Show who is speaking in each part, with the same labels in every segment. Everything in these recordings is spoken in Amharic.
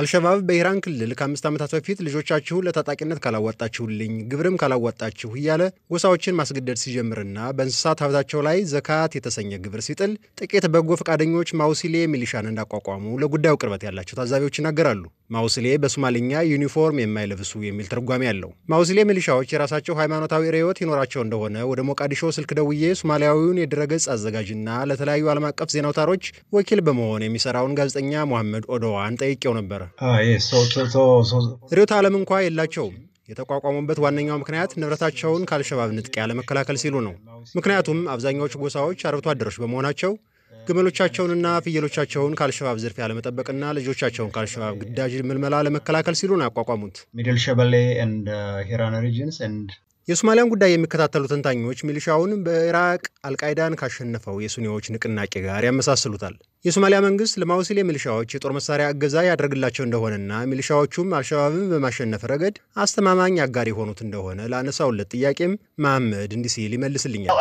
Speaker 1: አልሸባብ በኢራን ክልል ከአምስት ዓመታት በፊት ልጆቻችሁ ለታጣቂነት ካላወጣችሁልኝ ግብርም ካላወጣችሁ እያለ ጎሳዎችን ማስገደድ ሲጀምርና በእንስሳት ሀብታቸው ላይ ዘካት የተሰኘ ግብር ሲጥል ጥቂት በጎ ፈቃደኞች ማውሲሌ ሚሊሻን እንዳቋቋሙ ለጉዳዩ ቅርበት ያላቸው ታዛቢዎች ይናገራሉ። ማውስሌ በሶማሊኛ ዩኒፎርም የማይለብሱ የሚል ትርጓሜ አለው። ማውስሌ ሚሊሻዎች የራሳቸው ሃይማኖታዊ ርዕዮት ይኖራቸው እንደሆነ ወደ ሞቃዲሾ ስልክ ደውዬ ሶማሊያዊውን የድረገጽ አዘጋጅና ለተለያዩ ዓለም አቀፍ ዜና አውታሮች ወኪል በመሆን የሚሰራውን ጋዜጠኛ ሞሐመድ ኦዶዋን ጠይቄው ነበር። ah, ርዕዮተ ዓለም እንኳ የላቸውም። የተቋቋሙበት ዋነኛው ምክንያት ንብረታቸውን ከአልሸባብ ንጥቂያ ለመከላከል ሲሉ ነው። ምክንያቱም አብዛኛዎቹ ጎሳዎች አርብቶ አደሮች በመሆናቸው ግመሎቻቸውንና ፍየሎቻቸውን ከአልሸባብ ዝርፊያ ለመጠበቅና ልጆቻቸውን ከአልሸባብ ግዳጅ ምልመላ ለመከላከል ሲሉን አቋቋሙት። ያቋቋሙት። ሚድል ሸበሌ uh, ሂራና ሪጅንስ የሶማሊያን ጉዳይ የሚከታተሉ ተንታኞች ሚሊሻውን በኢራቅ አልቃይዳን ካሸነፈው የሱኒዎች ንቅናቄ ጋር ያመሳስሉታል። የሶማሊያ መንግስት ለማውሲሌ ሚሊሻዎች የጦር መሳሪያ እገዛ ያደርግላቸው እንደሆነና ሚሊሻዎቹም አልሸባብን በማሸነፍ ረገድ አስተማማኝ አጋር የሆኑት እንደሆነ ለአነሳውለት ጥያቄም መሐመድ እንዲህ ሲል ይመልስልኛል።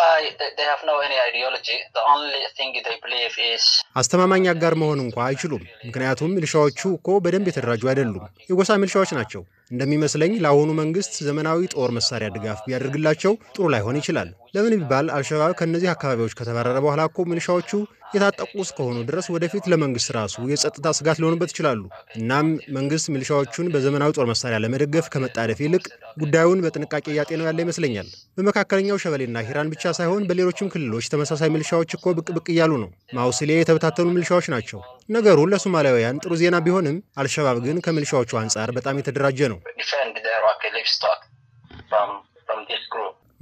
Speaker 1: አስተማማኝ አጋር መሆን እንኳ አይችሉም። ምክንያቱም ሚሊሻዎቹ እኮ በደንብ የተደራጁ አይደሉም። የጎሳ ሚሊሻዎች ናቸው። እንደሚመስለኝ ለአሁኑ መንግስት ዘመናዊ ጦር መሳሪያ ድጋፍ ቢያደርግላቸው ጥሩ ላይሆን ይችላል። ለምን ቢባል አልሸባብ ከእነዚህ አካባቢዎች ከተባረረ በኋላ እኮ ምንሻዎቹ የታጠቁ እስከሆኑ ድረስ ወደፊት ለመንግስት ራሱ የጸጥታ ስጋት ሊሆኑበት ይችላሉ። እናም መንግስት ሚሊሻዎቹን በዘመናዊ ጦር መሳሪያ ለመደገፍ ከመጣደፍ ይልቅ ጉዳዩን በጥንቃቄ እያጤነው ያለ ይመስለኛል። በመካከለኛው ሸበሌና ሂራን ብቻ ሳይሆን በሌሎችም ክልሎች ተመሳሳይ ሚሊሻዎች እኮ ብቅ ብቅ እያሉ ነው። ማውስሌ የተበታተኑ ሚሊሻዎች ናቸው። ነገሩ ለሶማሊያውያን ጥሩ ዜና ቢሆንም አልሸባብ ግን ከሚሊሻዎቹ አንጻር በጣም የተደራጀ ነው።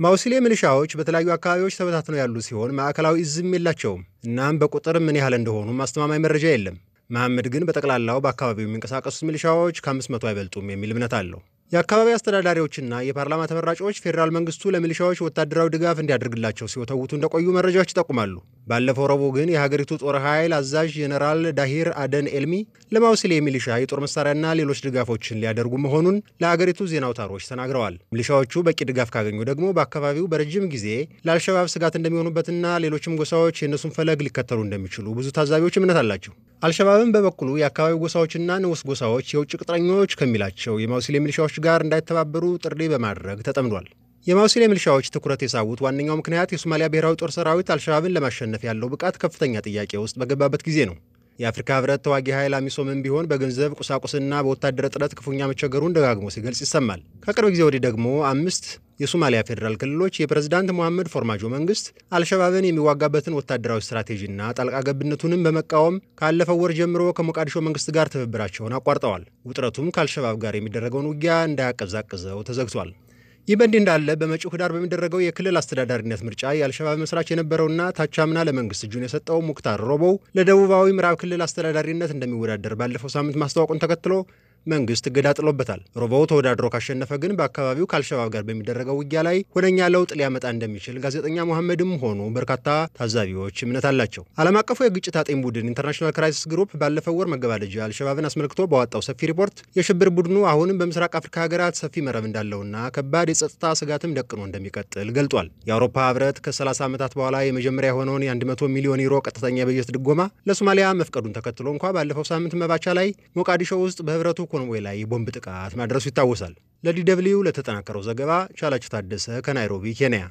Speaker 1: ማውሲሌ ሚሊሻዎች በተለያዩ አካባቢዎች ተበታትነው ያሉ ሲሆን ማዕከላዊ እዝም የላቸውም። እናም በቁጥር ምን ያህል እንደሆኑ አስተማማኝ መረጃ የለም። መሐመድ ግን በጠቅላላው በአካባቢው የሚንቀሳቀሱት ሚሊሻዎች ከአምስት መቶ አይበልጡም የሚል እምነት አለው። የአካባቢ አስተዳዳሪዎችና የፓርላማ ተመራጮች ፌዴራል መንግስቱ ለሚሊሻዎች ወታደራዊ ድጋፍ እንዲያደርግላቸው ሲወተውቱ እንደቆዩ መረጃዎች ይጠቁማሉ። ባለፈው ረቡዕ ግን የሀገሪቱ ጦር ኃይል አዛዥ ጄኔራል ዳሂር አደን ኤልሚ ለማውስል ሚሊሻ የጦር መሳሪያና ሌሎች ድጋፎችን ሊያደርጉ መሆኑን ለሀገሪቱ ዜና አውታሮች ተናግረዋል። ሚሊሻዎቹ በቂ ድጋፍ ካገኙ ደግሞ በአካባቢው በረጅም ጊዜ ለአልሸባብ ስጋት እንደሚሆኑበትና ሌሎችም ጎሳዎች የእነሱን ፈለግ ሊከተሉ እንደሚችሉ ብዙ ታዛቢዎች እምነት አላቸው። አልሸባብን በበኩሉ የአካባቢው ጎሳዎችና ንዑስ ጎሳዎች የውጭ ቅጥረኞች ከሚላቸው የማውሲሌ ሚሊሻዎች ጋር እንዳይተባበሩ ጥሪ በማድረግ ተጠምዷል። የማውሲሌ ሚሊሻዎች ትኩረት የሳቡት ዋነኛው ምክንያት የሶማሊያ ብሔራዊ ጦር ሰራዊት አልሸባብን ለማሸነፍ ያለው ብቃት ከፍተኛ ጥያቄ ውስጥ በገባበት ጊዜ ነው። የአፍሪካ ህብረት ተዋጊ ኃይል አሚሶምን ቢሆን በገንዘብ ቁሳቁስና በወታደር ጥረት ክፉኛ መቸገሩን ደጋግሞ ሲገልጽ ይሰማል። ከቅርብ ጊዜ ወዲህ ደግሞ አምስት የሶማሊያ ፌዴራል ክልሎች የፕሬዝዳንት መሐመድ ፎርማጆ መንግስት አልሸባብን የሚዋጋበትን ወታደራዊ ስትራቴጂና ጣልቃ ገብነቱንም በመቃወም ካለፈው ወር ጀምሮ ከሞቃዲሾ መንግስት ጋር ትብብራቸውን አቋርጠዋል። ውጥረቱም ከአልሸባብ ጋር የሚደረገውን ውጊያ እንዳያቀዛቅዘው ተዘግቷል። ይህ በእንዲህ እንዳለ በመጪው ህዳር በሚደረገው የክልል አስተዳዳሪነት ምርጫ የአልሸባብ መስራች የነበረውና ታቻምና ለመንግስት እጁን የሰጠው ሙክታር ሮቦው ለደቡባዊ ምዕራብ ክልል አስተዳዳሪነት እንደሚወዳደር ባለፈው ሳምንት ማስታወቁን ተከትሎ መንግስት እገዳ ጥሎበታል። ሮቦው ተወዳድሮ ካሸነፈ ግን በአካባቢው ከአልሸባብ ጋር በሚደረገው ውጊያ ላይ ሁነኛ ለውጥ ሊያመጣ እንደሚችል ጋዜጠኛ መሐመድም ሆኑ በርካታ ታዛቢዎች እምነት አላቸው። ዓለም አቀፉ የግጭት አጤም ቡድን ኢንተርናሽናል ክራይሲስ ግሩፕ ባለፈው ወር መገባደጃ አልሸባብን አስመልክቶ በወጣው ሰፊ ሪፖርት የሽብር ቡድኑ አሁንም በምስራቅ አፍሪካ ሀገራት ሰፊ መረብ እንዳለውና ከባድ የጸጥታ ስጋትም ደቅኖ እንደሚቀጥል ገልጧል። የአውሮፓ ህብረት ከ30 ዓመታት በኋላ የመጀመሪያ የሆነውን የ100 ሚሊዮን ዩሮ ቀጥተኛ የበጀት ድጎማ ለሶማሊያ መፍቀዱን ተከትሎ እንኳ ባለፈው ሳምንት መባቻ ላይ ሞቃዲሾ ውስጥ በህብረቱ ኮንዌይ ላይ የቦምብ ጥቃት ማድረሱ ይታወሳል። ለዲ ለተጠናከረው ዘገባ ቻላቸው ታደሰ ከናይሮቢ ኬንያ